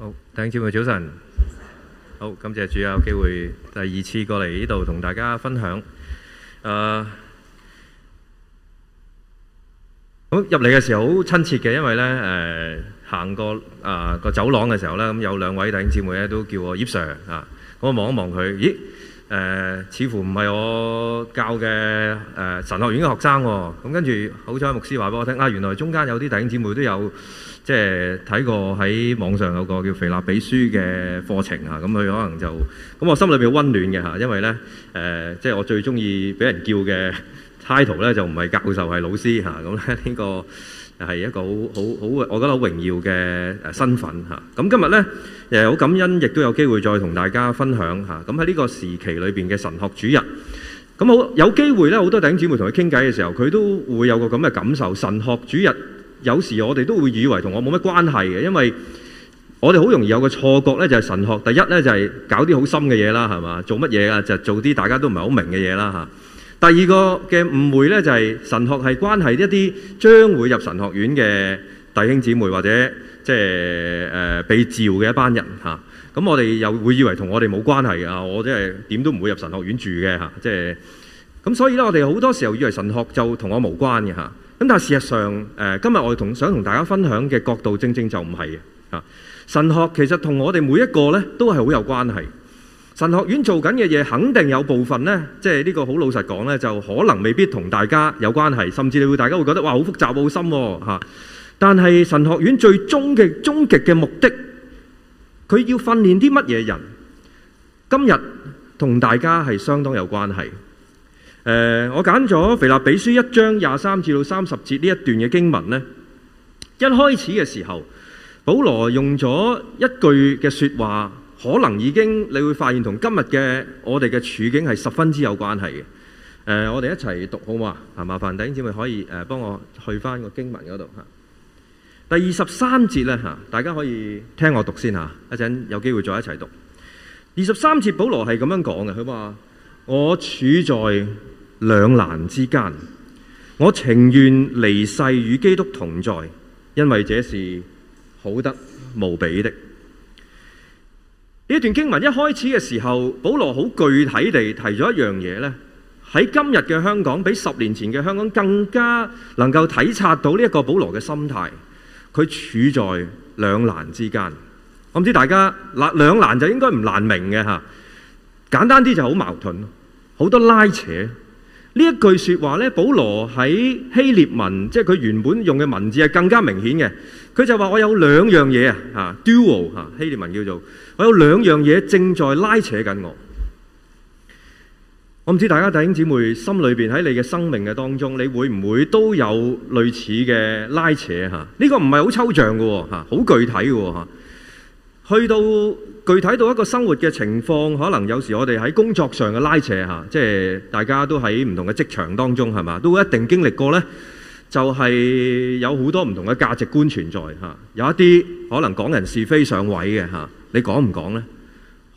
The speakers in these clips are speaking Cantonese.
好，弟兄姊妹早晨。好，感謝主啊，有機會第二次過嚟呢度同大家分享。誒，咁入嚟嘅時候好親切嘅，因為咧誒行過啊個走廊嘅時候咧，咁有兩位弟兄姊妹咧都叫我葉 Sir 啊。咁我望一望佢，咦誒，似乎唔係我教嘅誒神學院嘅學生喎。咁跟住好彩牧師話俾我聽啊，原來中間有啲弟兄姊妹都有。即係睇過喺網上有個叫腓立比書嘅課程啊，咁佢可能就咁我心裏邊温暖嘅，因為呢，呃、即係我最中意俾人叫嘅 title 呢，就唔係教授係老師咁呢、啊、個係一個好好好，我覺得好榮耀嘅身份咁、啊、今日呢，好感恩，亦都有機會再同大家分享咁喺呢個時期裏面嘅神學主任，咁好有機會呢，好多弟兄姊妹同佢傾偈嘅時候，佢都會有個咁嘅感受，神學主任。有時我哋都會以為同我冇乜關係嘅，因為我哋好容易有個錯覺呢就係神學。第一呢就係、是、搞啲好深嘅嘢啦，係嘛？做乜嘢啊？就是、做啲大家都唔係好明嘅嘢啦。第二個嘅誤會呢，就係神學係關係一啲將會入神學院嘅弟兄姊妹或者即係誒、呃、被召嘅一班人。咁、啊、我哋又會以為同我哋冇關係啊！我即係點都唔會入神學院住嘅、啊、即係咁。所以呢，我哋好多時候以為神學就同我無關嘅。咁但係事實上，誒今日我同想同大家分享嘅角度，正正就唔係嘅嚇。神學其實同我哋每一個呢都係好有關係。神學院做緊嘅嘢，肯定有部分呢，即係呢個好老實講呢，就可能未必同大家有關係，甚至你會大家會覺得，哇好複雜、好深喎嚇。但係神學院最終嘅終極嘅目的，佢要訓練啲乜嘢人？今日同大家係相當有關係。誒、呃，我揀咗《腓立比書》一章廿三至到三十節呢一段嘅經文呢，一開始嘅時候，保羅用咗一句嘅說話，可能已經你會發現同今日嘅我哋嘅處境係十分之有關係嘅。誒、呃，我哋一齊讀好唔好啊？啊，麻煩弟兄姊妹可以誒幫、呃、我去翻個經文嗰度吓。第二十三節咧吓，大家可以聽我讀先吓，一陣有機會再一齊讀。二十三節保羅係咁樣講嘅，佢話我處在。兩難之間，我情願離世與基督同在，因為這是好得無比的。呢段經文一開始嘅時候，保羅好具體地提咗一樣嘢咧。喺今日嘅香港，比十年前嘅香港更加能夠體察到呢一個保羅嘅心態。佢處在兩難之間。我唔知大家嗱兩難就應該唔難明嘅吓，簡單啲就好矛盾，好多拉扯。呢一句説話呢，保羅喺希臘文，即係佢原本用嘅文字係更加明顯嘅。佢就話，我有兩樣嘢啊，嚇，dual 嚇，希臘文叫做我有兩樣嘢正在拉扯緊我。我唔知大家弟兄姊妹心裏邊喺你嘅生命嘅當中，你會唔會都有類似嘅拉扯嚇？呢個唔係好抽象嘅喎嚇，好具體嘅喎嚇。去到具體到一個生活嘅情況，可能有時我哋喺工作上嘅拉扯嚇，即係大家都喺唔同嘅職場當中係嘛，都一定經歷過呢，就係、是、有好多唔同嘅價值觀存在、啊、有一啲可能講人是非上位嘅、啊、你講唔講呢？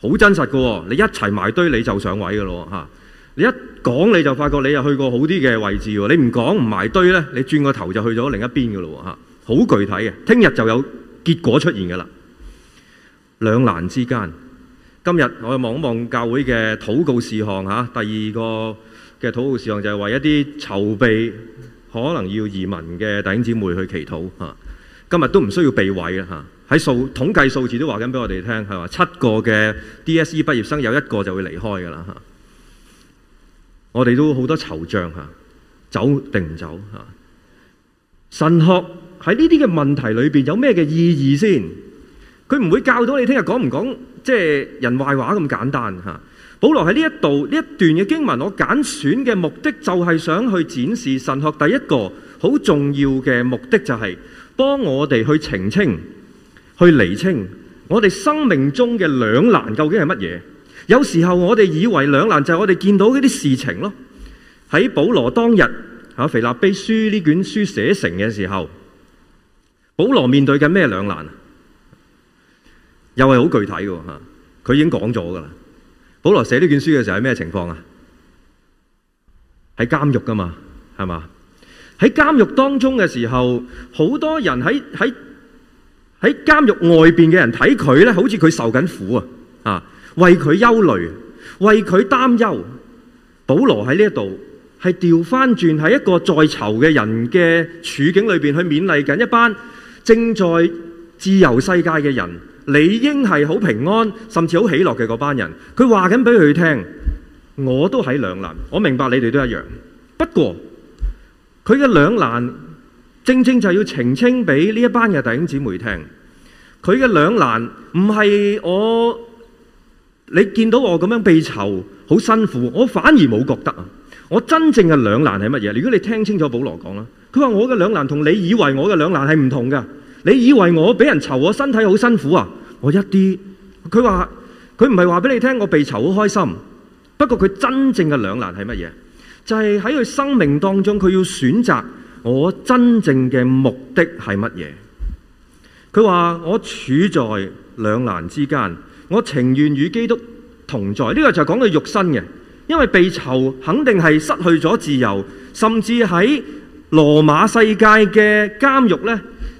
好真實嘅喎、哦，你一齊埋堆你就上位嘅咯嚇。你一講你就發覺你又去過好啲嘅位置喎，你唔講唔埋堆呢，你轉個頭就去咗另一邊嘅咯嚇。好、啊、具體嘅，聽日就有結果出現嘅啦。兩難之間，今日我望望教會嘅禱告事項吓、啊，第二個嘅禱告事項就係為一啲籌備可能要移民嘅弟兄姊妹去祈禱吓、啊。今日都唔需要避諱啊吓，喺數統計數字都話緊俾我哋聽係話，七個嘅 DSE 畢業生有一個就會離開噶啦吓。我哋都好多惆悵吓、啊，走定唔走吓、啊？神學喺呢啲嘅問題裏邊有咩嘅意義先？佢唔會教到你聽日講唔講即係人壞話咁簡單嚇。保羅喺呢一度呢一段嘅經文，我揀選嘅目的就係想去展示神學第一個好重要嘅目的，就係幫我哋去澄清、去釐清我哋生命中嘅兩難究竟係乜嘢。有時候我哋以為兩難就係我哋見到嗰啲事情咯。喺保羅當日嚇腓立比書呢卷書寫成嘅時候，保羅面對緊咩兩難？又係好具體嘅嚇。佢已經講咗㗎啦。保羅寫呢卷書嘅時候係咩情況啊？喺監獄㗎嘛，係嘛？喺監獄當中嘅時候，好多人喺喺喺監獄外邊嘅人睇佢咧，好似佢受緊苦啊，啊，為佢憂慮，為佢擔憂。保羅喺呢一度係調翻轉喺一個在囚嘅人嘅處境裏邊去勉勵緊一班正在自由世界嘅人。理應係好平安，甚至好喜樂嘅嗰班人，佢話緊俾佢聽，我都喺兩難，我明白你哋都一樣。不過佢嘅兩難，正正就要澄清俾呢一班嘅弟兄姊妹聽。佢嘅兩難唔係我，你見到我咁樣被囚，好辛苦，我反而冇覺得。我真正嘅兩難係乜嘢？如果你聽清楚保羅講啦，佢話我嘅兩難同你以為我嘅兩難係唔同㗎。你以為我俾人囚，我身體好辛苦啊！我一啲，佢話佢唔係話俾你聽，我被囚好開心。不過佢真正嘅兩難係乜嘢？就係喺佢生命當中，佢要選擇我真正嘅目的係乜嘢？佢話我處在兩難之間，我情願與基督同在。呢個就係講佢肉身嘅，因為被囚肯定係失去咗自由，甚至喺羅馬世界嘅監獄呢。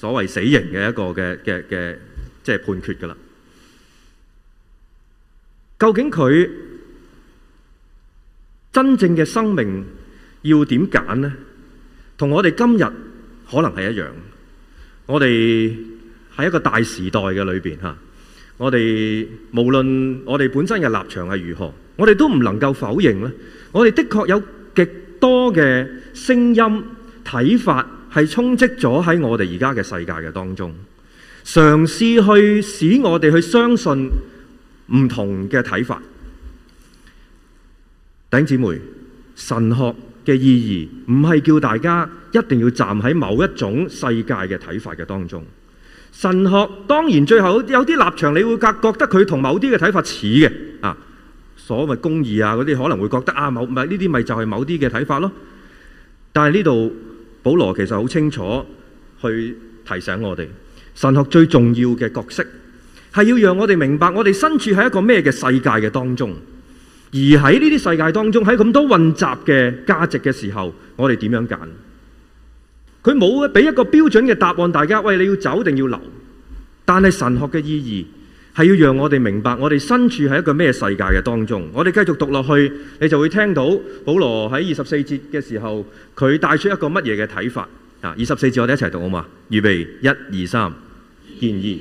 所謂死刑嘅一個嘅嘅嘅，即係判決㗎喇。究竟佢真正嘅生命要點揀呢？同我哋今日可能係一樣。我哋喺一個大時代嘅裏邊吓，我哋無論我哋本身嘅立場係如何，我哋都唔能夠否認呢。我哋的確有極多嘅聲音、睇法。係充斥咗喺我哋而家嘅世界嘅當中，嘗試去使我哋去相信唔同嘅睇法。弟兄姊妹，神學嘅意義唔係叫大家一定要站喺某一種世界嘅睇法嘅當中。神學當然最後有啲立場，你會覺覺得佢同某啲嘅睇法似嘅啊，所謂公義啊嗰啲，那些可能會覺得啊，這些就是某唔係呢啲咪就係某啲嘅睇法咯。但係呢度。保羅其實好清楚去提醒我哋，神學最重要嘅角色係要讓我哋明白我哋身處喺一個咩嘅世界嘅當中，而喺呢啲世界當中，喺咁多混雜嘅價值嘅時候，我哋點樣揀？佢冇俾一個標準嘅答案，大家，喂，你要走，定要留？但係神學嘅意義。係要讓我哋明白，我哋身處喺一個咩世界嘅當中。我哋繼續讀落去，你就會聽到保羅喺二十四節嘅時候，佢帶出一個乜嘢嘅睇法。二十四節，節我哋一齊讀好嘛？預備，一二三，建議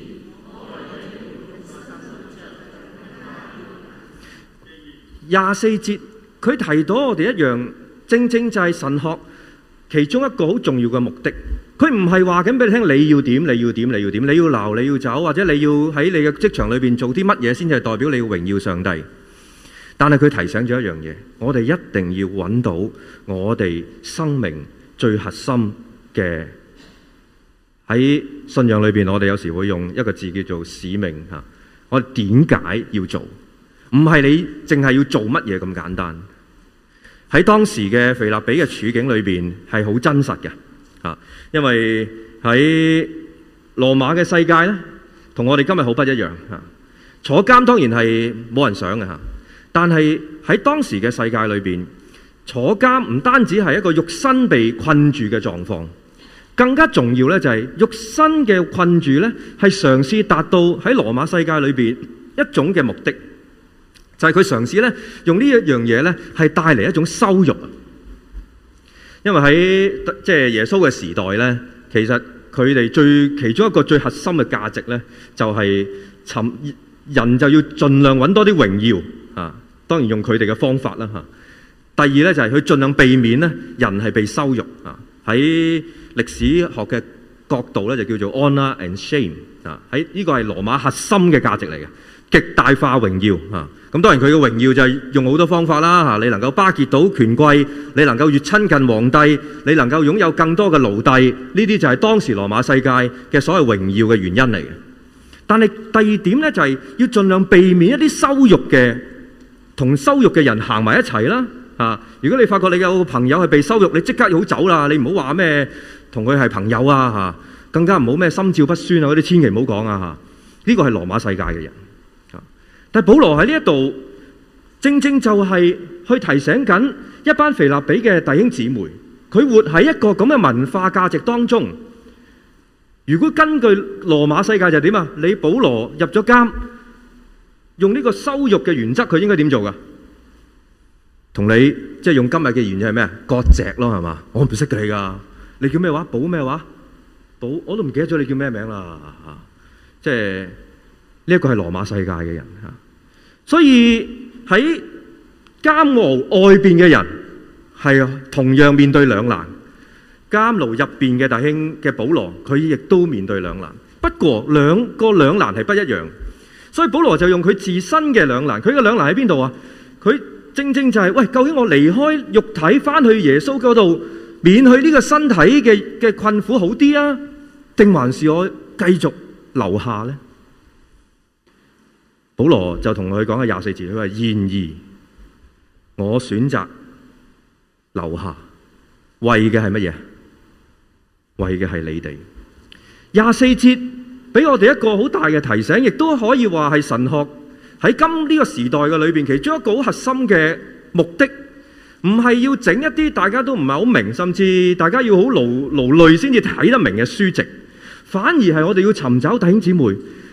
廿四節，佢提到我哋一樣正正就係神學其中一個好重要嘅目的。佢唔係話緊俾你聽，你要點，你要點，你要點，你要鬧，你要走，或者你要喺你嘅職場裏面做啲乜嘢先至係代表你要榮耀上帝。但係佢提醒咗一樣嘢，我哋一定要揾到我哋生命最核心嘅，喺信仰裏面，我哋有時會用一個字叫做使命嚇。我哋點解要做？唔係你淨係要做乜嘢咁簡單。喺當時嘅腓立比嘅處境裏面，係好真實嘅。啊，因為喺羅馬嘅世界咧，同我哋今日好不一樣。坐監當然係冇人想嘅吓，但係喺當時嘅世界裏邊，坐監唔單止係一個肉身被困住嘅狀況，更加重要咧就係肉身嘅困住咧，係嘗試達到喺羅馬世界裏邊一種嘅目的，就係佢嘗試咧用呢一樣嘢咧係帶嚟一種羞辱啊。因為喺即耶穌嘅時代呢，其實佢哋最其中一個最核心嘅價值呢，就係尋人就要盡量揾多啲榮耀啊。當然用佢哋嘅方法啦吓。第二呢，就係佢盡量避免呢人係被羞辱啊。喺歷史學嘅角度呢，就叫做 honour and shame 啊。喺呢個係羅馬核心嘅價值嚟嘅，極大化榮耀吓。咁當然佢嘅榮耀就係用好多方法啦嚇，你能夠巴結到權貴，你能夠越親近皇帝，你能夠擁有更多嘅奴隸，呢啲就係當時羅馬世界嘅所謂榮耀嘅原因嚟嘅。但係第二點呢，就係要盡量避免一啲羞辱嘅同羞辱嘅人行埋一齊啦嚇。如果你發覺你有朋友係被羞辱，你即刻要走啦，你唔好話咩同佢係朋友啊嚇，更加唔好咩心照不宣啊嗰啲，千祈唔好講啊嚇。呢個係羅馬世界嘅人。但保羅喺呢一度，正正就係去提醒緊一班腓立比嘅弟兄姊妹，佢活喺一個咁嘅文化價值當中。如果根據羅馬世界就點啊？你保羅入咗監，用呢個羞辱嘅原則，佢應該點做噶？同你即係用今日嘅語言係咩？割席咯係嘛？我唔識得你噶，你叫咩話？保咩話？保我都唔記得咗你叫咩名啦。即係呢一個係羅馬世界嘅人。所以喺監牢外面嘅人係、啊、同樣面對兩難，監牢入面嘅大兄嘅保羅，佢亦都面對兩難。不過兩個，個兩難係不一樣，所以保羅就用佢自身嘅兩難。佢嘅兩難喺邊度啊？佢正正就係、是、喂，究竟我離開肉體返去耶穌嗰度，免去呢個身體嘅嘅困苦好啲啊，定還是我繼續留下咧？保羅就同佢講下廿四節，佢話然而我選擇留下，為嘅係乜嘢？為嘅係你哋。廿四節俾我哋一個好大嘅提醒，亦都可以話係神學喺今呢個時代嘅裏邊，其中一個好核心嘅目的，唔係要整一啲大家都唔係好明，甚至大家要好勞勞累先至睇得明嘅書籍，反而係我哋要尋找弟兄姊妹。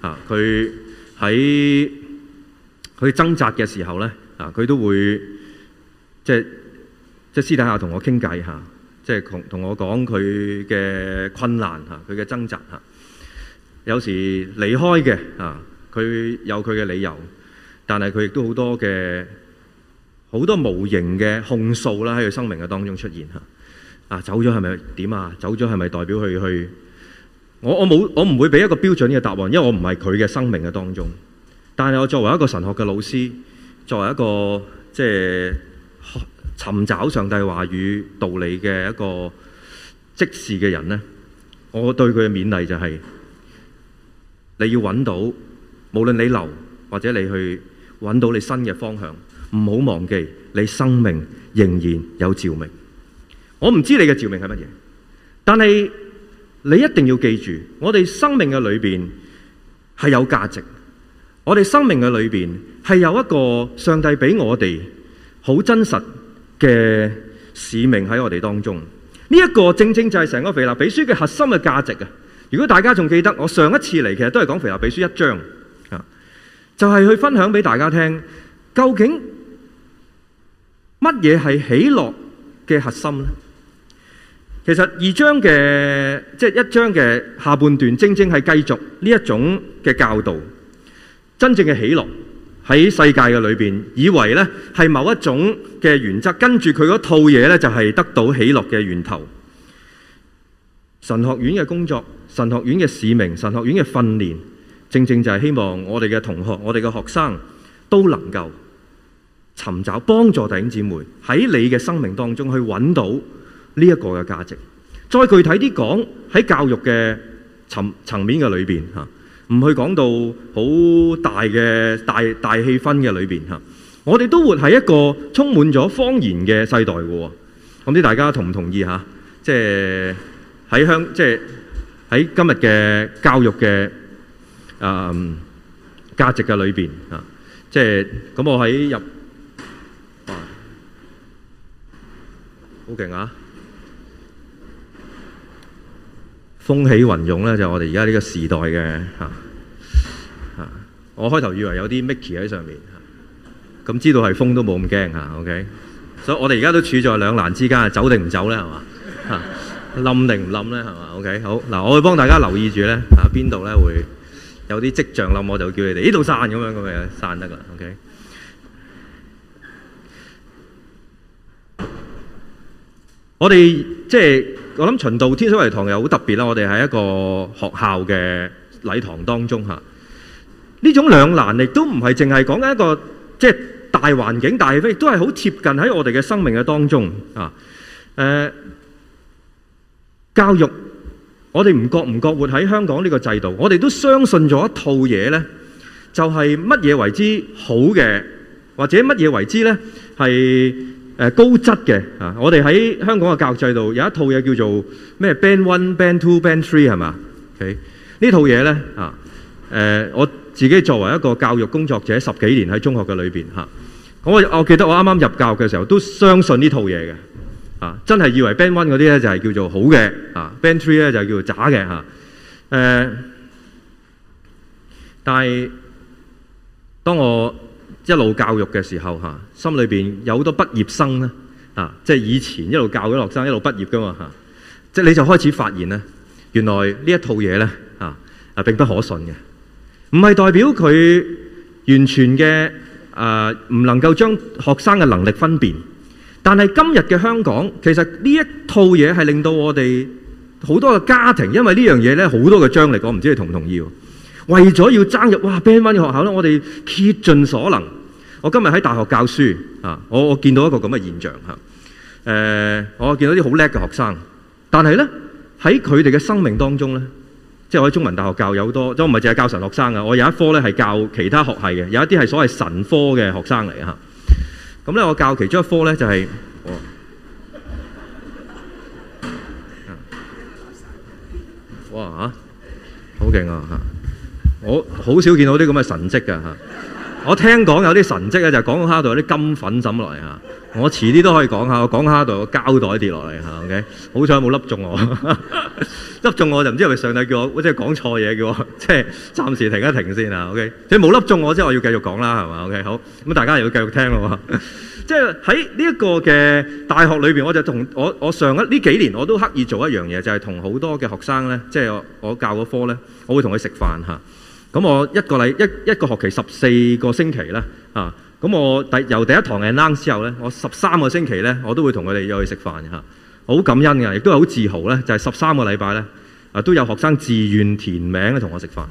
啊！佢喺佢掙扎嘅時候咧，啊！佢都會即係即係私底下同我傾偈嚇，即係同同我講佢嘅困難嚇，佢、啊、嘅掙扎嚇、啊。有時離開嘅啊，佢有佢嘅理由，但係佢亦都好多嘅好多無形嘅控訴啦，喺佢生命嘅當中出現嚇。啊，走咗係咪點啊？走咗係咪代表佢去？我我冇我唔會俾一個標準嘅答案，因為我唔係佢嘅生命嘅當中。但係我作為一個神學嘅老師，作為一個即係尋找上帝話語道理嘅一個即時嘅人呢，我對佢嘅勉勵就係、是：你要揾到，無論你留或者你去揾到你新嘅方向，唔好忘記你生命仍然有照明。我唔知你嘅照明係乜嘢，但係。你一定要記住，我哋生命嘅裏邊係有價值，我哋生命嘅裏邊係有一個上帝俾我哋好真實嘅使命喺我哋當中。呢、這、一個正正就係成個《腓立比書》嘅核心嘅價值啊！如果大家仲記得我上一次嚟，其實都係講《腓立比書》一章啊，就係、是、去分享俾大家聽，究竟乜嘢係喜樂嘅核心呢？其實二章嘅即係一章嘅下半段，正正係繼續呢一種嘅教導。真正嘅喜樂喺世界嘅裏邊，以為呢係某一種嘅原則，跟住佢嗰套嘢呢，就係得到喜樂嘅源頭。神學院嘅工作、神學院嘅使命、神學院嘅訓練，正正就係希望我哋嘅同學、我哋嘅學生都能夠尋找幫助弟兄姊妹喺你嘅生命當中去揾到。呢一個嘅價值，再具體啲講，喺教育嘅層層面嘅裏邊嚇，唔去講到好大嘅大大氣氛嘅裏邊嚇，我哋都活喺一個充滿咗謊言嘅世代嘅喎，我唔知大家同唔同意嚇？即係喺香，即係喺今日嘅教育嘅啊價值嘅裏邊啊，即係咁我喺入，哇，好勁啊！風起雲湧呢，就係、我哋而家呢個時代嘅嚇嚇。我開頭以為有啲 Mickey 喺上面嚇，咁、啊、知道係風都冇咁驚嚇。OK，所以我哋而家都處在兩難之間，走定唔走呢？係嘛？冧定唔冧呢？係嘛？OK，好嗱，我會幫大家留意住呢。嚇、啊，邊度呢？會有啲跡象冧，我就叫你哋呢度散咁樣散，咁咪散得㗎啦。OK。我哋即係我諗循道天水圍堂又好特別啦，我哋喺一個學校嘅禮堂當中吓，呢種兩難亦都唔係淨係講緊一個即係大環境，但係亦都係好貼近喺我哋嘅生命嘅當中啊。誒，教育我哋唔覺唔覺活喺香港呢個制度，我哋都相信咗一套嘢咧，就係乜嘢為之好嘅，或者乜嘢為之咧係？誒高質嘅啊！我哋喺香港嘅教育制度有一套嘢叫做咩？Band One、Band Two、Band Three 係嘛？OK 呢套嘢咧啊誒、呃，我自己作為一個教育工作者，十幾年喺中學嘅裏邊嚇，我我記得我啱啱入教嘅時候都相信呢套嘢嘅啊，真係以為 Band One 嗰啲咧就係叫做好嘅啊，Band Three 咧就叫做渣嘅嚇誒。但係當我一路教育嘅時候嚇，心裏邊有好多畢業生咧，啊，即係以前一路教緊學生，一路畢業噶嘛嚇，即、啊、係你就開始發現咧，原來呢一套嘢咧啊啊並不可信嘅，唔係代表佢完全嘅啊唔能夠將學生嘅能力分辨，但係今日嘅香港其實呢一套嘢係令到我哋好多個家庭，因為這件事呢樣嘢咧好多個張力。我唔知你同唔同意喎？為咗要爭入哇 Band 1學校咧，我哋竭盡所能。我今日喺大學教書啊，我我見到一個咁嘅現象嚇。誒、呃，我見到啲好叻嘅學生，但係呢，喺佢哋嘅生命當中呢，即係我喺中文大學教有好多，都唔係淨係教神學生啊。我有一科呢係教其他學系嘅，有一啲係所謂神科嘅學生嚟嚇。咁呢，我教其中一科呢就係、是、哇哇嚇，好勁啊嚇！我好少見到啲咁嘅神跡嘅嚇。我聽講有啲神蹟啊，就係講蝦度有啲金粉抌落嚟嚇。我遲啲都可以講下，我講下度個膠袋跌落嚟嚇。OK，好彩冇粒中我，粒 中我就唔知係咪上帝叫我，即係講錯嘢叫我，即係暫時停一停先啊。OK，你冇粒中我，即係我要繼續講啦，係嘛？OK，好咁大家又要繼續聽咯。即係喺呢一個嘅大學裏面，我就同我我上一呢幾年我都刻意做一樣嘢，就係同好多嘅學生咧，即係我,我教嗰科咧，我會同佢食飯咁我一個禮一一個學期十四個星期呢。啊，咁我第由第一堂嘅 lunch 之後呢，我十三個星期呢，我都會同佢哋約去食飯嘅嚇，好感恩嘅，亦都係好自豪呢。就係十三個禮拜呢，啊都有學生自願填名呢同我食飯。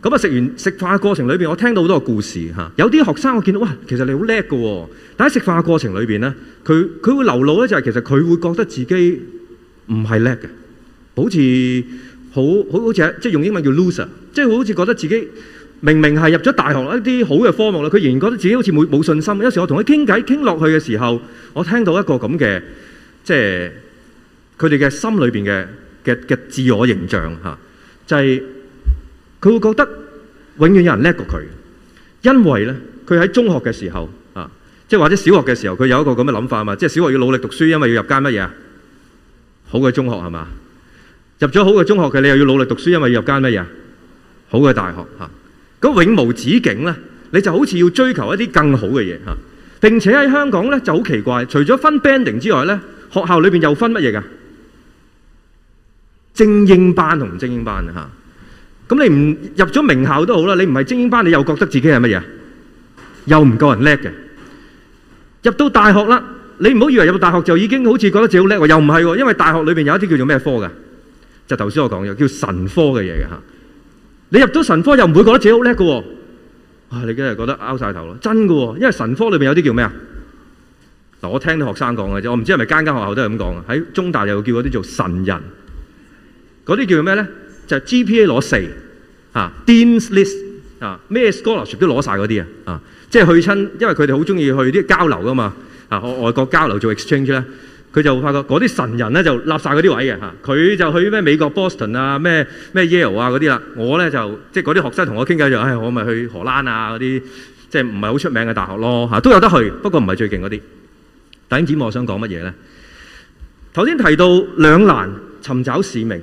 咁啊食完食飯嘅過程裏邊，我聽到好多個故事嚇，啊，有啲學生我見到哇，其實你好叻㗎喎，但喺食飯嘅過程裏邊呢，佢佢會流露呢，就係其實佢會覺得自己唔係叻嘅，好似。好好好似即係用英文叫 loser，即係好似覺得自己明明係入咗大學一啲好嘅科目啦，佢仍然覺得自己好似冇冇信心。有時我同佢傾偈傾落去嘅時候，我聽到一個咁嘅即係佢哋嘅心裏邊嘅嘅嘅自我形象嚇，就係佢會覺得永遠有人叻過佢，因為咧佢喺中學嘅時候啊，即係或者小學嘅時候，佢有一個咁嘅諗法啊嘛，即係小學要努力讀書，因為要入間乜嘢啊？好嘅中學係嘛？入咗好嘅中學嘅，你又要努力讀書，因為要入間乜嘢好嘅大學吓。咁永無止境咧，你就好似要追求一啲更好嘅嘢吓。並且喺香港咧就好奇怪，除咗分 banding 之外咧，學校裏邊又分乜嘢噶？精英班同唔精英班吓。咁你唔入咗名校都好啦，你唔係精英班，你又覺得自己係乜嘢？又唔夠人叻嘅。入到大學啦，你唔好以為入到大學就已經好似覺得自己好叻喎，又唔係，因為大學裏邊有一啲叫做咩科噶。就頭先我講嘅，叫神科嘅嘢嘅吓。你入到神科又唔會覺得自己好叻嘅喎。啊，你梗係覺得拗晒頭咯，真㗎喎、哦！因為神科裏面有啲叫咩啊？嗱，我聽到學生講嘅啫，我唔知係咪間間學校都係咁講啊。喺中大又叫嗰啲做神人，嗰啲叫咩咧？就係、GPA 攞四啊 Dean's List 啊，咩 scholarship 都攞晒嗰啲啊。啊，即係去親，因為佢哋好中意去啲交流噶嘛。啊，外國交流做 exchange 咧。佢就發覺嗰啲神人咧就擸曬嗰啲位嘅嚇，佢就去咩美國 Boston 啊咩咩 Yale 啊嗰啲啦。我咧就即係嗰啲學生同我傾偈就，唉、哎，我咪去荷蘭啊嗰啲，即係唔係好出名嘅大學咯嚇，都有得去，不過唔係最勁嗰啲。弟兄姊妹，我想講乜嘢咧？頭先提到兩難，尋找使命，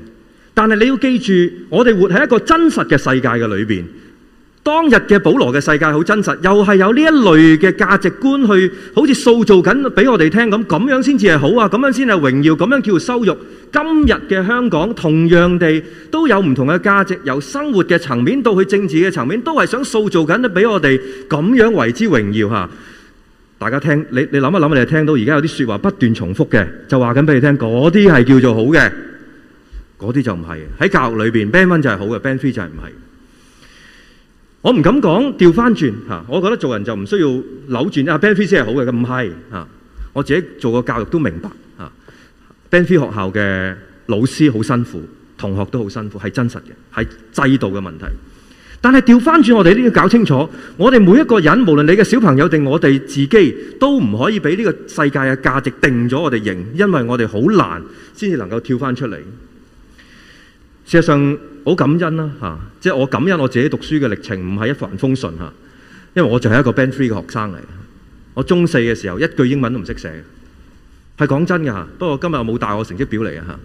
但係你要記住，我哋活喺一個真實嘅世界嘅裏邊。當日嘅保羅嘅世界好真實，又係有呢一類嘅價值觀去，好似塑造緊俾我哋聽咁，咁樣先至係好啊，咁樣先係榮耀，咁樣叫羞辱。今日嘅香港同樣地都有唔同嘅價值，由生活嘅層面到去政治嘅層面，都係想塑造緊，俾我哋咁樣為之榮耀嚇。大家聽，你你諗一諗，你就聽到而家有啲説話不斷重複嘅，就話緊俾你聽，嗰啲係叫做好嘅，嗰啲就唔係。喺教育裏邊，Band One 就係好嘅，Band Three 就係唔係。我唔敢講調翻轉吓，我覺得做人就唔需要扭轉。啊、Band 1先係好嘅，咁唔係，我自己做個教育都明白、啊、Band 1學校嘅老師好辛苦，同學都好辛苦，係真實嘅，係制度嘅問題。但係調翻轉，我哋都要搞清楚。我哋每一個人，無論你嘅小朋友定我哋自己，都唔可以俾呢個世界嘅價值定咗我哋型，因為我哋好難先至能夠跳翻出嚟。事實上。好感恩啦嚇、啊，即係我感恩我自己讀書嘅歷程，唔係一帆風順嚇、啊。因為我就係一個 Band three 嘅學生嚟，我中四嘅時候一句英文都唔識寫，係講真嘅嚇。不過今日我冇帶我成績表嚟嘅嚇，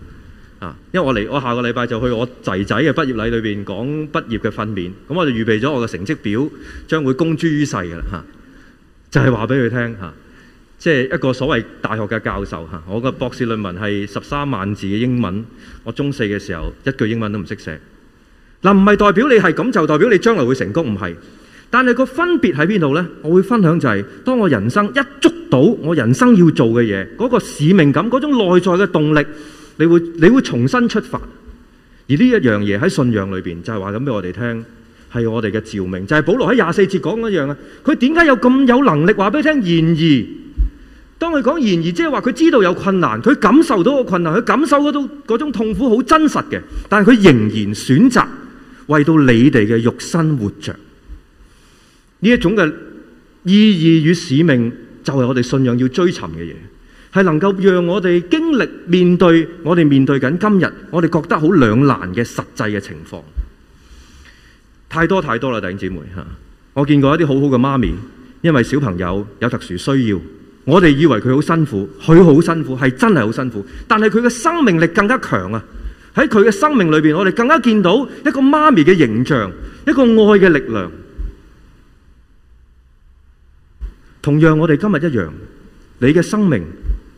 啊，因為我嚟我下個禮拜就去我仔仔嘅畢業禮裏邊講畢業嘅訓勉，咁我就預備咗我嘅成績表將會公諸於世嘅啦嚇，就係話俾佢聽嚇。啊即係一個所謂大學嘅教授嚇，我個博士論文係十三萬字嘅英文。我中四嘅時候一句英文都唔識寫，嗱，唔係代表你係咁就代表你將來會成功，唔係。但係個分別喺邊度呢？我會分享就係，當我人生一捉到我人生要做嘅嘢，嗰個使命感，嗰種內在嘅動力，你會你會重新出發。而呢一樣嘢喺信仰裏邊就係話咁俾我哋聽，係我哋嘅召命，就係保羅喺廿四節講一樣啊。佢點解有咁有能力話俾你聽？然而。當佢講，然而即係話，佢知道有困難，佢感受到個困難，佢感受到嗰種嗰種痛苦好真實嘅。但係佢仍然選擇為到你哋嘅肉身活着呢一種嘅意義與使命，就係、是、我哋信仰要追尋嘅嘢，係能夠讓我哋經歷面對我哋面對緊今日我哋覺得好兩難嘅實際嘅情況。太多太多啦，弟兄姐妹吓！我見過一啲好好嘅媽咪，因為小朋友有特殊需要，我哋以為佢好辛苦，佢好辛苦，係真係好辛苦。但係佢嘅生命力更加強啊！喺佢嘅生命裏面，我哋更加見到一個媽咪嘅形象，一個愛嘅力量。同樣，我哋今日一樣，你嘅生命，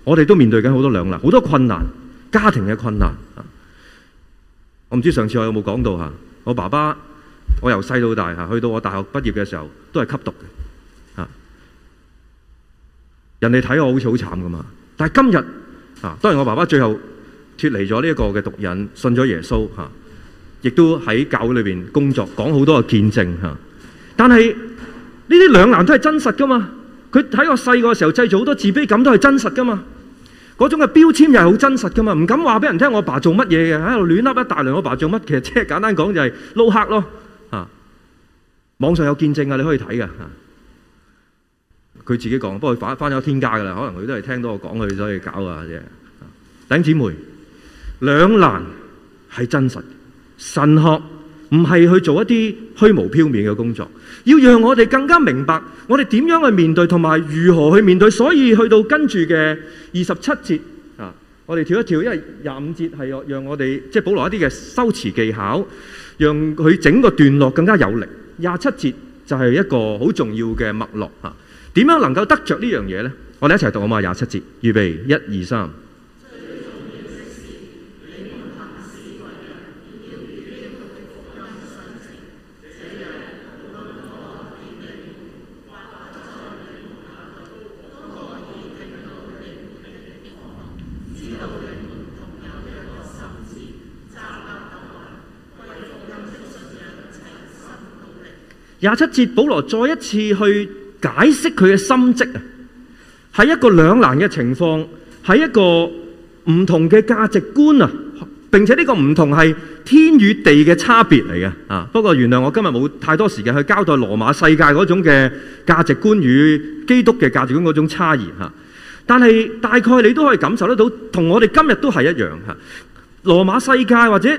我哋都面對緊好多兩難、好多困難、家庭嘅困難。我唔知上次我有冇講到嚇？我爸爸，我由細到大嚇，去到我大學畢業嘅時候，都係吸毒嘅。人哋睇我好似好慘噶嘛，但係今日啊，當然我爸爸最後脫離咗呢一個嘅毒癮，信咗耶穌吓，亦、啊、都喺教會裏邊工作，講好多嘅見證吓、啊。但係呢啲兩難都係真實噶嘛，佢喺我細個嘅時候製造好多自卑感都係真實噶嘛，嗰種嘅標籤又係好真實噶嘛，唔敢話俾人聽我爸做乜嘢嘅，喺、啊、度亂笠一大輪。我爸做乜？其實即係簡單講就係撈客咯，吓、啊，網上有見證啊，你可以睇嘅。啊。佢自己講，不過反翻咗天家㗎喇。可能佢都係聽到我講佢，所以搞啊啫。頂姊妹，兩難係真實神學，唔係去做一啲虛無縹緲嘅工作，要讓我哋更加明白我哋點樣去面對，同埋如何去面對。所以去到跟住嘅二十七節啊，我哋跳一跳，因為廿五節係讓讓我哋即係保留一啲嘅修辭技巧，讓佢整個段落更加有力。廿七節就係一個好重要嘅脈絡啊。點樣能夠得着呢樣嘢呢？我哋一齊讀啊嘛，廿七節，預備一二三。廿七節，保羅再一次去。解釋佢嘅心迹啊，係一個兩難嘅情況，係一個唔同嘅價值觀啊，並且呢個唔同係天與地嘅差別嚟嘅啊。不過原諒我今日冇太多時間去交代羅馬世界嗰種嘅價值觀與基督嘅價值觀嗰種差異吓。但係大概你都可以感受得到，同我哋今日都係一樣吓。羅馬世界或者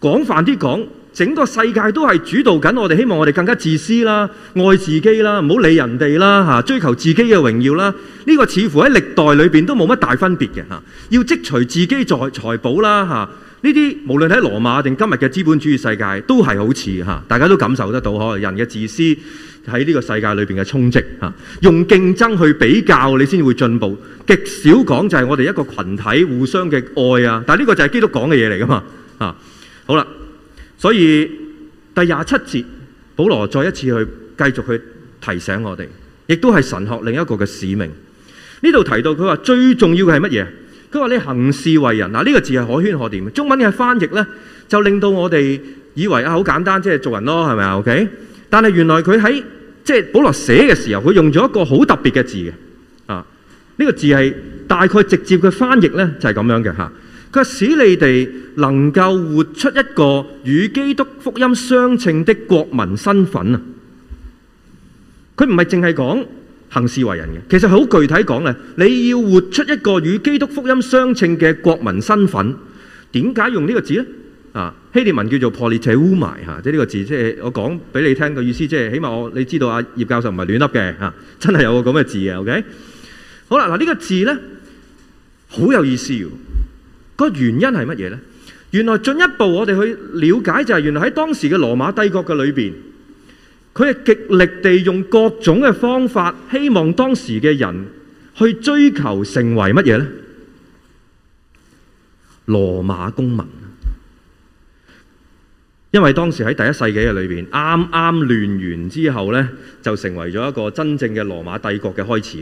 廣泛啲講。整個世界都係主導緊，我哋希望我哋更加自私啦，愛自己啦，唔好理人哋啦嚇，追求自己嘅榮耀啦。呢個似乎喺歷代裏面都冇乜大分別嘅嚇。要積除自己在財寶啦嚇，呢啲無論喺羅馬定今日嘅資本主義世界都係好似嚇，大家都感受得到，人嘅自私喺呢個世界裏面嘅衝擊嚇，用競爭去比較你先會進步。極少講就係我哋一個群體互相嘅愛啊，但呢個就係基督講嘅嘢嚟噶嘛嚇。好啦。所以第廿七節，保羅再一次去繼續去提醒我哋，亦都係神學另一個嘅使命。呢度提到佢話最重要嘅係乜嘢？佢話你行事為人，嗱呢個字係可圈可點嘅。中文嘅翻譯咧，就令到我哋以為啊好簡單，即係做人咯，係咪啊？OK。但係原來佢喺即係保羅寫嘅時候，佢用咗一個好特別嘅字嘅啊。呢個字係大概直接嘅翻譯咧，就係咁樣嘅嚇佢使你哋能夠活出一個與基督福音相稱的國民身份啊！佢唔係淨係講行事為人嘅，其實好具體講咧。你要活出一個與基督福音相稱嘅國民身份，點解用呢個字咧？啊，希臘文叫做破裂者污埋嚇，即係呢個字。即係我講俾你聽嘅意思，即係起碼我你知道啊葉教授唔係亂噏嘅啊，真係有個咁嘅字嘅。OK，好啦，嗱呢個字咧好有意思。個原因係乜嘢呢？原來進一步我哋去了解就係原來喺當時嘅羅馬帝國嘅裏邊，佢係極力地用各種嘅方法，希望當時嘅人去追求成為乜嘢呢？羅馬公民，因為當時喺第一世紀嘅裏邊啱啱亂完之後呢，就成為咗一個真正嘅羅馬帝國嘅開始。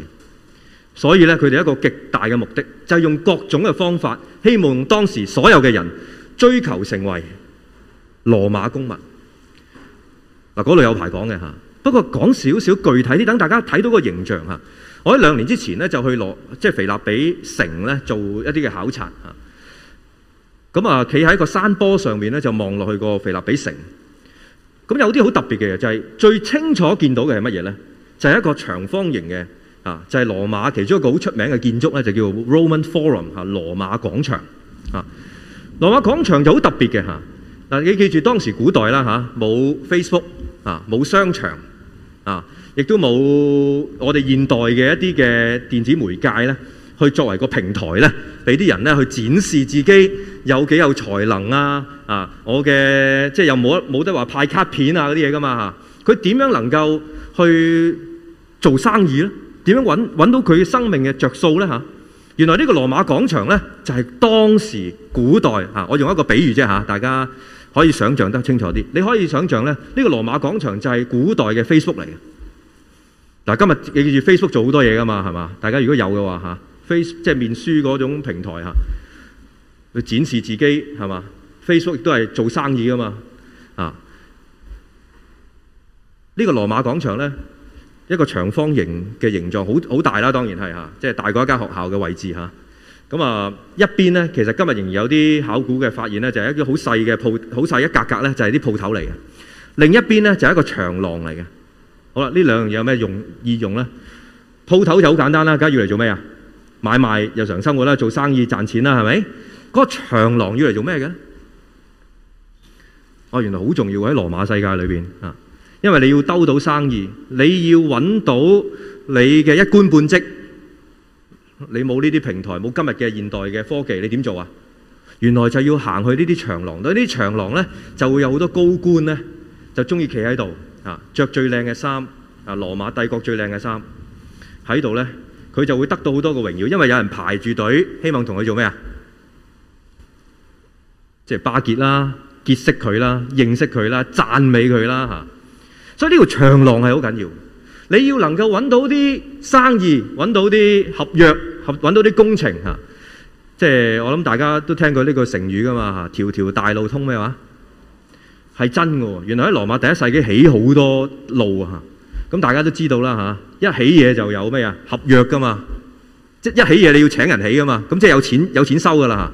所以咧，佢哋一個極大嘅目的，就係用各種嘅方法，希望當時所有嘅人追求成為羅馬公民。嗱，嗰度有排講嘅吓。不過講少少具體啲，等大家睇到個形象吓。我喺兩年之前呢，就去羅即係腓立比城咧做一啲嘅考察吓。咁啊，企喺個山坡上面咧，就望落去個腓立比城。咁有啲好特別嘅嘢，就係最清楚見到嘅係乜嘢咧？就係一個長方形嘅。就係羅馬其中一個好出名嘅建築咧，就叫 Roman Forum 嚇，羅馬廣場。嚇羅馬廣場就好特別嘅嚇。嗱，你記住當時古代啦嚇，冇 Facebook 啊，冇商場啊，亦都冇我哋現代嘅一啲嘅電子媒介咧，去作為個平台咧，俾啲人咧去展示自己有幾有才能啊啊！我嘅即係又冇冇得話派卡片啊嗰啲嘢㗎嘛嚇。佢點樣能夠去做生意呢？點樣揾揾到佢生命嘅着數咧嚇？原來這個羅馬呢個羅馬廣場咧就係、是、當時古代嚇，我用一個比喻啫嚇，大家可以想像得清楚啲。你可以想像咧，呢、這個羅馬廣場就係古代嘅 Facebook 嚟嘅。嗱，今日記住 Facebook 做好多嘢噶嘛，係嘛？大家如果有嘅話嚇，Face 即係面書嗰種平台嚇，去展示自己係嘛？Facebook 亦都係做生意噶嘛啊？這個、羅呢個羅馬廣場咧。一個長方形嘅形狀，好好大啦，當然係嚇，即係大過一間學校嘅位置嚇。咁啊，一邊呢，其實今日仍然有啲考古嘅發現呢就係、是、一啲好細嘅鋪，好細一格格呢，就係啲鋪頭嚟嘅。另一邊呢，就係、是、一個長廊嚟嘅。好啦，呢兩樣嘢有咩用意用呢？鋪頭就好簡單啦，梗係要嚟做咩啊？買賣日常生活啦，做生意賺錢啦，係咪？嗰、那個長廊要嚟做咩嘅？哦、啊，原來好重要喺羅馬世界裏邊啊！因為你要兜到生意，你要揾到你嘅一官半職，你冇呢啲平台，冇今日嘅現代嘅科技，你點做啊？原來就要行去呢啲長廊度，呢啲長廊咧就會有好多高官咧，就中意企喺度啊，著最靚嘅衫啊，羅馬帝國最靚嘅衫喺度咧，佢就會得到好多個榮耀，因為有人排住隊希望同佢做咩啊？即係巴結啦、結識佢啦、認識佢啦、讚美佢啦嚇。所以呢條長廊係好緊要，你要能夠揾到啲生意，揾到啲合約，合揾到啲工程即係、啊即係、我諗大家都聽過呢句成語噶嘛嚇，條條大路通咩話？係真嘅喎，原來喺羅馬第一世紀起好多路啊。咁大家都知道啦、啊、一起嘢就有咩啊？合約噶嘛，即係一起嘢你要請人起噶嘛，咁即係有錢有錢收噶啦。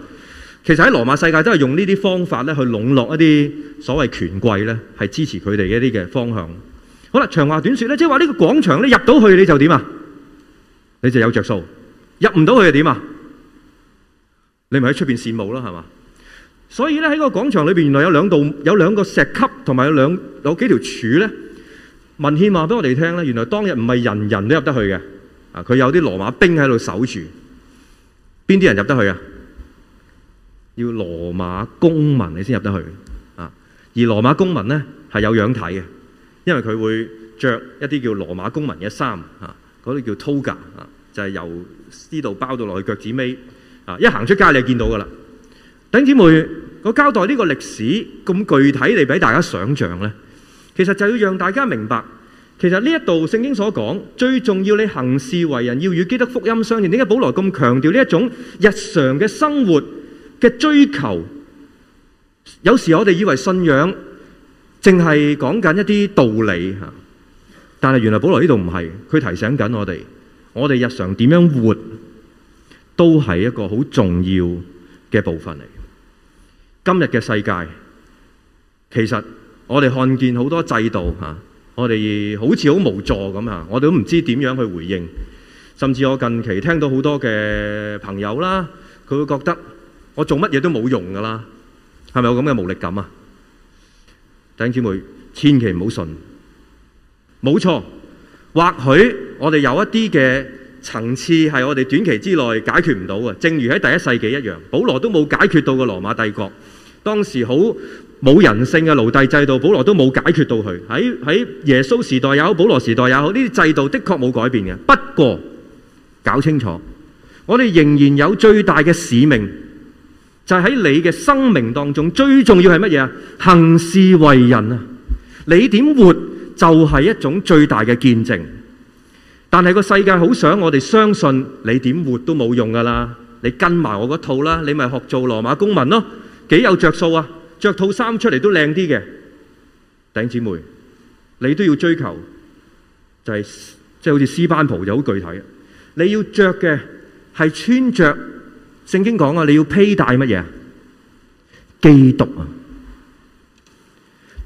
其實喺羅馬世界都係用呢啲方法咧，去籠絡一啲所謂權貴咧，係支持佢哋一啲嘅方向。好啦，長話短説咧，即係話呢個廣場咧，入到去你就點啊？你就有着數；入唔到去係點啊？你咪喺出邊羨慕啦，係嘛？所以咧喺個廣場裏邊原來有兩道有兩個石級同埋有兩有幾條柱咧，文獻話俾我哋聽咧，原來當日唔係人人都入得去嘅。啊，佢有啲羅馬兵喺度守住。邊啲人入得去啊？要羅馬公民你先入得去啊！而羅馬公民呢，係有樣睇嘅，因為佢會着一啲叫羅馬公民嘅衫啊，嗰啲叫 toga 啊，就係由呢度包到落去腳趾尾啊！一行出街你就見到噶啦。頂姐妹，我交代呢個歷史咁具體嚟俾大家想象呢，其實就要讓大家明白，其實呢一度聖經所講最重要，你行事為人要與基督福音相連。點解保羅咁強調呢一種日常嘅生活？嘅追求，有時我哋以為信仰淨係講緊一啲道理嚇，但係原來保羅呢度唔係，佢提醒緊我哋，我哋日常點樣活都係一個好重要嘅部分嚟。今日嘅世界，其實我哋看見好多制度嚇，我哋好似好無助咁嚇，我哋都唔知點樣去回應。甚至我近期聽到好多嘅朋友啦，佢會覺得。我做乜嘢都冇用噶啦，係咪有咁嘅無力感啊？弟兄姊妹，千祈唔好信。冇錯，或許我哋有一啲嘅層次係我哋短期之內解決唔到嘅，正如喺第一世紀一樣，保羅都冇解決到個羅馬帝國當時好冇人性嘅奴隸制度，保羅都冇解決到佢喺喺耶穌時代也好，保羅時代也好，呢啲制度的確冇改變嘅。不過搞清楚，我哋仍然有最大嘅使命。就喺你嘅生命當中最重要係乜嘢啊？行事為人啊，你點活就係一種最大嘅見證。但係個世界好想我哋相信你點活都冇用噶啦，你跟埋我嗰套啦，你咪學做羅馬公民咯，幾有着數啊？着套衫出嚟都靚啲嘅，弟兄姊妹，你都要追求就係即係好似斯班袍就好具體，你要着嘅係穿着。聖經講啊，你要披戴乜嘢？基督啊！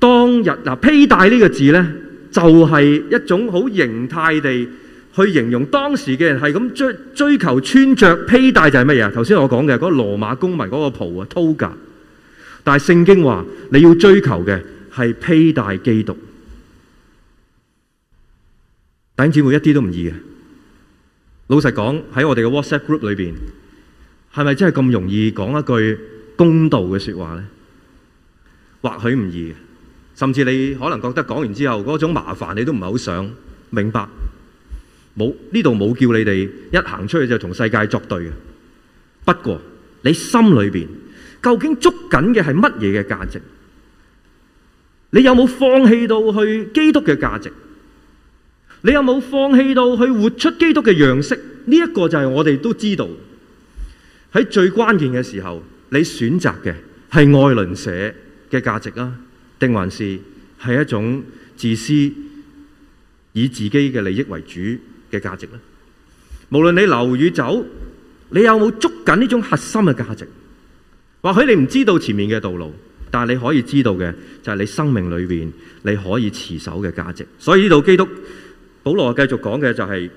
當日嗱，披戴呢個字咧，就係、是、一種好形態地去形容當時嘅人係咁追追求穿着披戴就係乜嘢啊？頭先我講嘅嗰個羅馬公民嗰個袍啊，Toga。但係聖經話，你要追求嘅係披戴基督。弟兄姊妹，一啲都唔易嘅。老實講，喺我哋嘅 WhatsApp group 裏邊。係咪真係咁容易講一句公道嘅說話呢？或許唔易，甚至你可能覺得講完之後嗰種麻煩你都唔係好想明白。冇，呢度冇叫你哋一行出去就同世界作對嘅。不過你心裏邊究竟捉緊嘅係乜嘢嘅價值？你有冇放棄到去基督嘅價值？你有冇放棄到去活出基督嘅樣式？呢一個就係我哋都知道。喺最關鍵嘅時候，你選擇嘅係愛鄰舍嘅價值啊，定還是係一種自私、以自己嘅利益為主嘅價值呢？無論你留與走，你有冇捉緊呢種核心嘅價值？或許你唔知道前面嘅道路，但係你可以知道嘅就係你生命裏邊你可以持守嘅價值。所以呢度基督保羅繼續講嘅就係、是。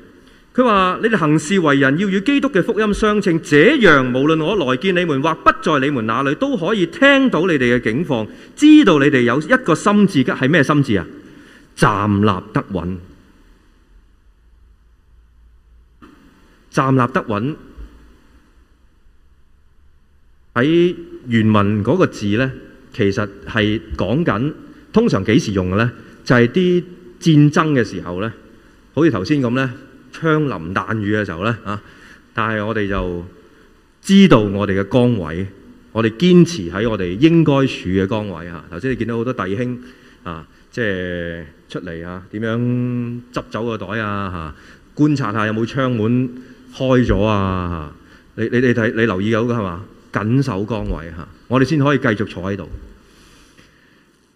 佢話：你哋行事為人要與基督嘅福音相稱，這樣無論我來見你們或不在你們那裏，都可以聽到你哋嘅境況，知道你哋有一個心志嘅係咩心志啊？站立得穩，站立得穩喺原文嗰個字咧，其實係講緊通常幾時用嘅咧？就係啲戰爭嘅時候咧，好似頭先咁咧。槍林彈雨嘅時候呢，啊！但係我哋就知道我哋嘅崗位，我哋堅持喺我哋應該處嘅崗位嚇。頭、啊、先你見到好多弟兄啊，即係出嚟嚇、啊，點樣執走個袋啊嚇、啊？觀察下有冇窗門開咗啊嚇？你你睇你，你留意到嘅係嘛？緊守崗位嚇、啊，我哋先可以繼續坐喺度。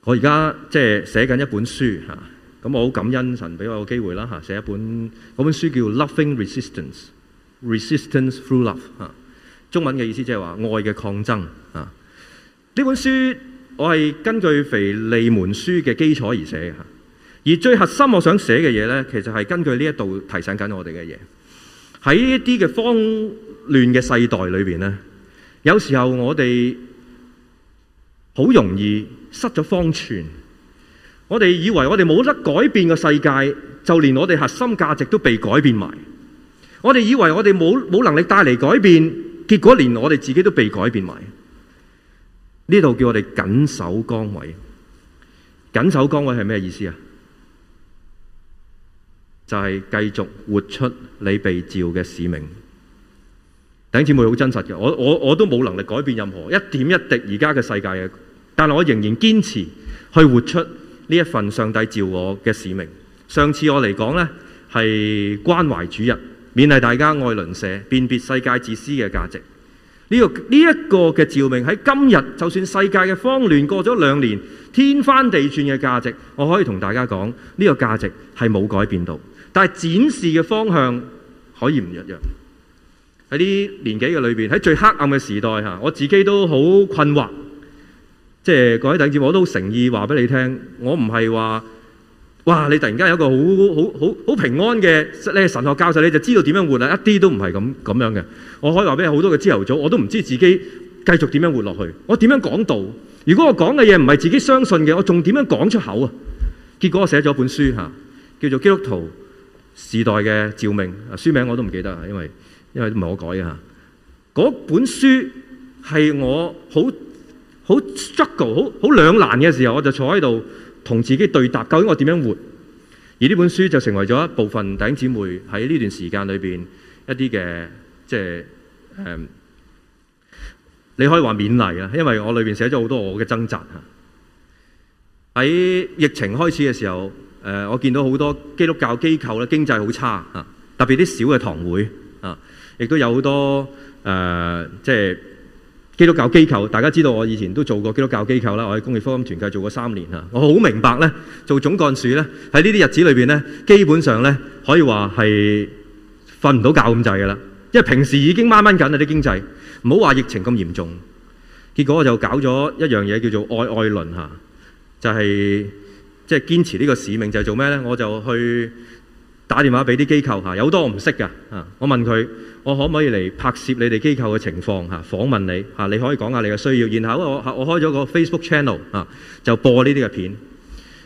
我而家即係寫緊一本書嚇。啊。咁我好感恩神俾我個機會啦嚇，寫一本嗰本書叫《Loving Resistance》，Resistance Through Love、啊、中文嘅意思即係話愛嘅抗爭嚇。呢、啊、本書我係根據肥利門書嘅基礎而寫嘅、啊、而最核心我想寫嘅嘢咧，其實係根據呢一度提醒緊我哋嘅嘢。喺呢一啲嘅慌亂嘅世代裏面咧，有時候我哋好容易失咗方寸。我哋以為我哋冇得改變個世界，就連我哋核心價值都被改變埋。我哋以為我哋冇冇能力帶嚟改變，結果連我哋自己都被改變埋。呢度叫我哋緊守崗位。緊守崗位係咩意思啊？就係、是、繼續活出你被召嘅使命。頂姊妹好真實嘅，我我我都冇能力改變任何一點一滴而家嘅世界嘅，但係我仍然堅持去活出。呢一份上帝召我嘅使命，上次我嚟講呢係關懷主日，勉勵大家愛鄰舍，辨別世界自私嘅價值。呢、這個呢一、這個嘅召命喺今日，就算世界嘅慌亂過咗兩年，天翻地轉嘅價值，我可以同大家講，呢、這個價值係冇改變到，但係展示嘅方向可以唔一樣。喺呢年紀嘅裏邊，喺最黑暗嘅時代下，我自己都好困惑。即係各位弟兄姊妹我都誠意話俾你聽，我唔係話哇！你突然間有一個好好好好平安嘅咧，神學教授你就知道點樣活啦，一啲都唔係咁咁樣嘅。我可以話俾你好多嘅朝頭早，我都唔知道自己繼續點樣活落去。我點樣講道？如果我講嘅嘢唔係自己相信嘅，我仲點樣講出口啊？結果我寫咗本書嚇，叫做《基督徒時代嘅召命》，書名我都唔記得啦，因為因為都唔係我改嘅。嗰本書係我好。好 struggle，好好兩難嘅時候，我就坐喺度同自己對答，究竟我點樣活？而呢本書就成為咗一部分弟兄姊妹喺呢段時間裏面一啲嘅即係、嗯、你可以話勉勵啊，因為我裏面寫咗好多我嘅掙扎。喺疫情開始嘅時候、呃，我見到好多基督教機構咧經濟好差啊，特別啲小嘅堂會啊，亦都有好多、呃、即係。基督教機構，大家知道我以前都做過基督教機構啦。我喺工業福音團契做過三年嚇，我好明白呢做總幹事呢，喺呢啲日子裏邊呢，基本上呢可以話係瞓唔到覺咁滯㗎啦。因為平時已經掹掹緊啊啲經濟，唔好話疫情咁嚴重。結果我就搞咗一樣嘢叫做愛愛輪嚇，就係即係堅持呢個使命就係、是、做咩呢？我就去打電話俾啲機構嚇，有好多我唔識嘅啊，我問佢，我可唔可以嚟拍攝你哋機構嘅情況嚇？訪問你嚇，你可以講下你嘅需要。然後我我開咗個 Facebook channel 就播呢啲嘅片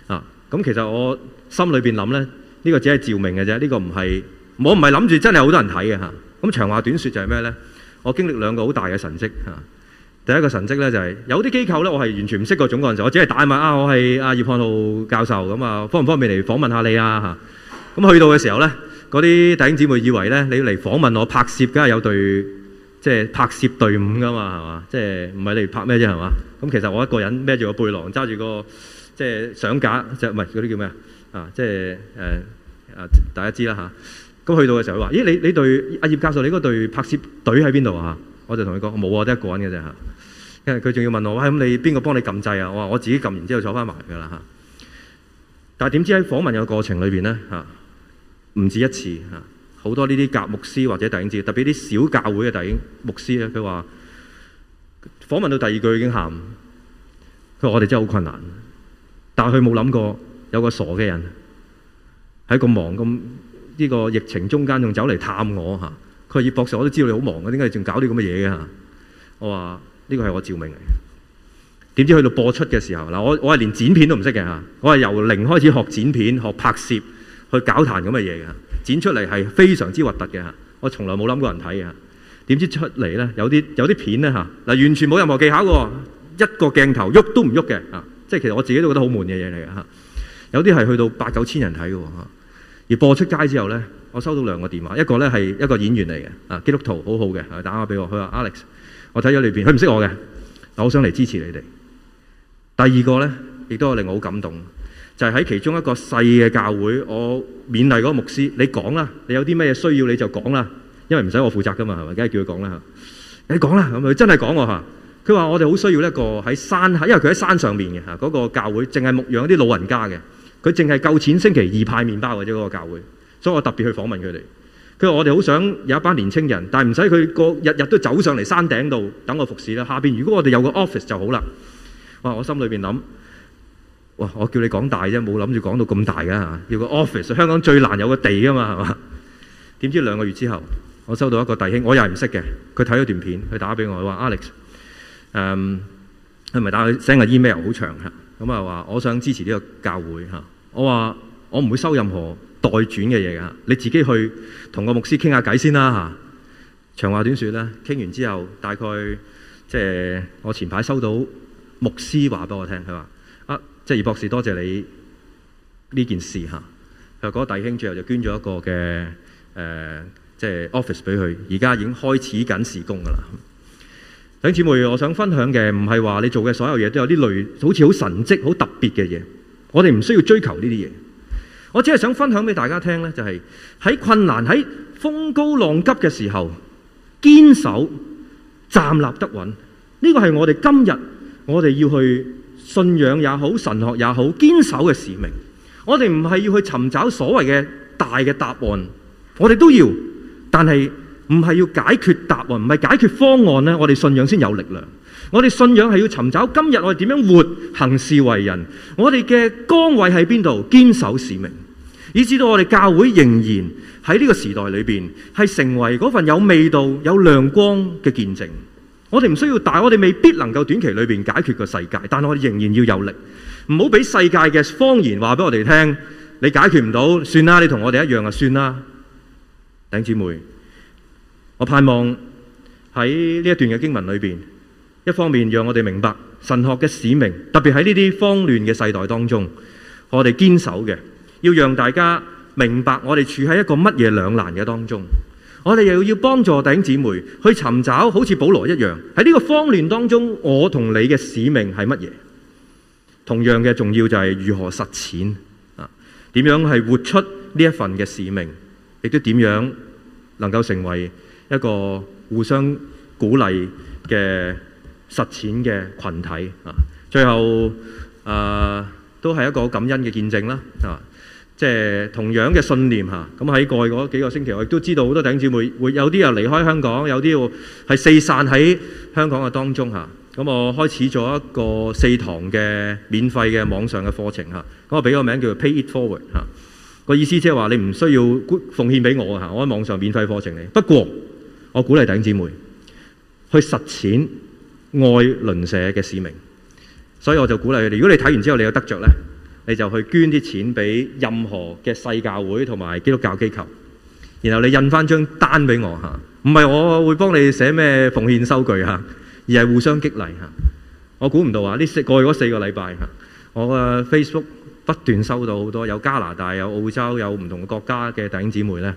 啊。咁其實我心裏面諗呢，呢、呢個只係照明嘅啫，呢、呢個唔係我唔係諗住真係好多人睇嘅嚇。咁長話短説就係咩呢？我經歷兩個好大嘅神迹、啊、第一個神迹呢、就係，就係有啲機構呢，我係完全唔識個總幹事，我只係打問啊，我係阿葉漢浩教授咁啊，方唔方便嚟訪問下你啊咁、啊、去到嘅時候呢。嗰啲弟兄姊妹以為咧，你嚟訪問我拍攝，梗係有隊，即係拍攝隊伍噶嘛，係嘛？即係唔係你拍咩啫，係嘛？咁其實我一個人孭住個背囊，揸住個即係相架，即係唔係嗰啲叫咩啊？啊，即係誒啊！大家知啦吓，咁、啊、去到嘅時候，佢話：咦，你你隊阿葉教授，你嗰隊拍攝隊喺邊度啊？我就同佢講：冇啊，得一個人嘅啫嚇。因為佢仲要問我：喂、啊，咁你邊個幫你撳掣啊？我話：我自己撳完之後坐翻埋㗎啦嚇。但係點知喺訪問嘅過程裏邊咧嚇？啊唔止一次啊，好多呢啲教牧師或者弟兄姊妹，特別啲小教會嘅弟兄牧師咧，佢話訪問到第二句已經喊，佢話我哋真係好困難，但係佢冇諗過有個傻嘅人喺咁忙咁呢、呢個疫情中間仲走嚟探我嚇。佢話葉博士，我都知道你好忙嘅，點解仲搞啲咁嘅嘢嘅？我話呢個係我召命嚟嘅。點知去到播出嘅時候嗱，我我係連剪片都唔識嘅嚇，我係由零開始學剪片學拍攝。去搞壇咁嘅嘢嘅，剪出嚟係非常之核突嘅嚇。我從來冇諗過人睇嘅，點知出嚟呢？有啲有啲片呢，嗱、啊、完全冇任何技巧喎，一個鏡頭喐都唔喐嘅啊，即係其實我自己都覺得好悶嘅嘢嚟嘅嚇。有啲係去到八九千人睇嘅嚇，而播出街之後呢，我收到兩個電話，一個呢係一個演員嚟嘅啊，基督徒，好好嘅，打電話俾我，佢話 Alex，我睇咗裏邊，佢唔識我嘅，但我想嚟支持你哋。第二個呢，亦都令我好感動。就係喺其中一個細嘅教會，我勉勵嗰個牧師，你講啦，你有啲咩需要你就講啦，因為唔使我負責㗎嘛，係咪？梗係叫佢講啦嚇，你講啦，咁佢真係講我嚇，佢話我哋好需要一個喺山下，因為佢喺山上面嘅嚇嗰個教會，淨係牧養一啲老人家嘅，佢淨係夠錢星期二派麪包嘅啫嗰個教會，所以我特別去訪問佢哋。佢話我哋好想有一班年青人，但係唔使佢個日日都走上嚟山頂度等我服侍啦。下邊如果我哋有個 office 就好啦。哇，我心裏邊諗。哇！我叫你講大啫，冇諗住講到咁大噶嚇。要個 office，香港最難有個地噶嘛，係嘛？點知兩個月之後，我收到一個弟兄，我又係唔識嘅。佢睇咗段片，佢打俾我，佢話 Alex，誒、嗯，佢咪打 send 個 email，好長嘅。咁啊話，我想支持呢個教會嚇。我話我唔會收任何代轉嘅嘢嚇，你自己去同個牧師傾下偈先啦嚇。長話短說呢，傾完之後，大概即係、就是、我前排收到牧師話俾我聽，佢話。即係葉博士，多謝你呢件事吓。又嗰個弟兄最後就捐咗一個嘅誒，即係 office 俾佢，而家已經開始緊事工噶啦。弟兄姊妹，我想分享嘅唔係話你做嘅所有嘢都有啲類，好似好神蹟、好特別嘅嘢。我哋唔需要追求呢啲嘢。我只係想分享俾大家聽咧，就係喺困難、喺風高浪急嘅時候，堅守站立得穩。呢個係我哋今日我哋要去信仰也好，神學也好，堅守嘅使命。我哋唔係要去尋找所謂嘅大嘅答案，我哋都要，但係唔係要解決答案，唔係解決方案呢，我哋信仰先有力量。我哋信仰係要尋找今日我哋點樣活，行事為人，我哋嘅崗位喺邊度？堅守使命。以至到我哋教會仍然喺呢個時代裏面，係成為嗰份有味道，有亮光嘅見證。我哋唔需要大，我哋未必能夠短期裏邊解決個世界，但係我哋仍然要有力，唔好俾世界嘅謊言話俾我哋聽，你解決唔到，算啦，你同我哋一樣啊，算啦，弟兄姊妹，我盼望喺呢一段嘅經文裏邊，一方面讓我哋明白神學嘅使命，特別喺呢啲慌亂嘅世代當中，我哋堅守嘅，要讓大家明白我哋處喺一個乜嘢兩難嘅當中。我哋又要幫助弟兄姊妹去尋找，好似保羅一樣喺呢個慌亂當中，我同你嘅使命係乜嘢？同樣嘅重要就係如何實踐啊？點樣係活出呢一份嘅使命，亦都點樣能夠成為一個互相鼓勵嘅實踐嘅羣體啊？最後啊，都係一個感恩嘅見證啦，係嘛？即係同樣嘅信念嚇，咁喺過去嗰幾個星期，我亦都知道好多弟兄姊妹，會有啲人離開香港，有啲要係四散喺香港嘅當中嚇。咁我開始咗一個四堂嘅免費嘅網上嘅課程嚇，咁我俾個名叫做 Pay It Forward 嚇。個意思即係話你唔需要奉獻俾我嚇，我喺網上免費課程你。不過我鼓勵弟兄姊妹去實踐愛鄰舍嘅使命，所以我就鼓勵佢哋。如果你睇完之後你有得著咧，你就去捐啲錢俾任何嘅世教會同埋基督教機構，然後你印翻張單俾我，唔係我會幫你寫咩奉獻收據，而係互相激勵，我估唔到啊！呢四過去嗰四個禮拜，我嘅 Facebook 不斷收到好多有加拿大有澳洲有唔同嘅國家嘅弟兄姊妹呢，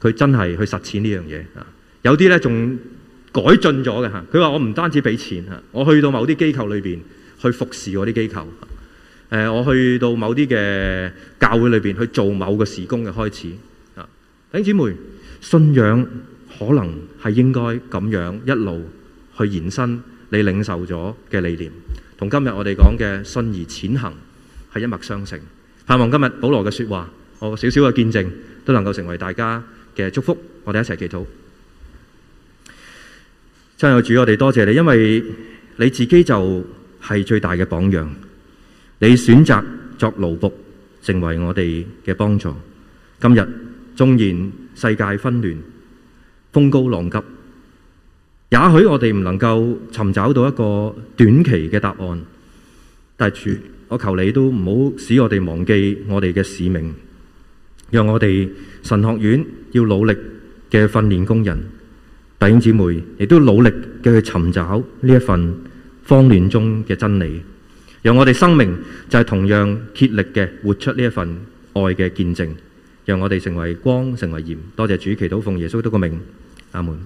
佢真係去實踐呢樣嘢啊！有啲呢仲改進咗嘅，佢話我唔單止俾錢，我去到某啲機構裏面去服侍嗰啲機構，誒、呃，我去到某啲嘅教會裏邊去做某個事工嘅開始啊，弟兄姊妹，信仰可能係應該咁樣一路去延伸你領受咗嘅理念，同今日我哋講嘅信而踐行，係一脈相承。盼望今日保羅嘅說話，我少少嘅見證都能夠成為大家嘅祝福，我哋一齊祈禱。親愛的主，我哋多謝你，因為你自己就係最大嘅榜樣。你選擇作奴僕，成為我哋嘅幫助。今日縱然世界紛亂、風高浪急，也許我哋唔能夠尋找到一個短期嘅答案，但係主，我求你都唔好使我哋忘記我哋嘅使命，讓我哋神學院要努力嘅訓練工人，弟兄姊妹亦都努力嘅去尋找呢一份慌亂中嘅真理。讓我哋生命就係同樣竭力嘅活出呢一份愛嘅見證，讓我哋成為光，成為鹽。多謝主，祈禱奉耶穌基督嘅名，阿門。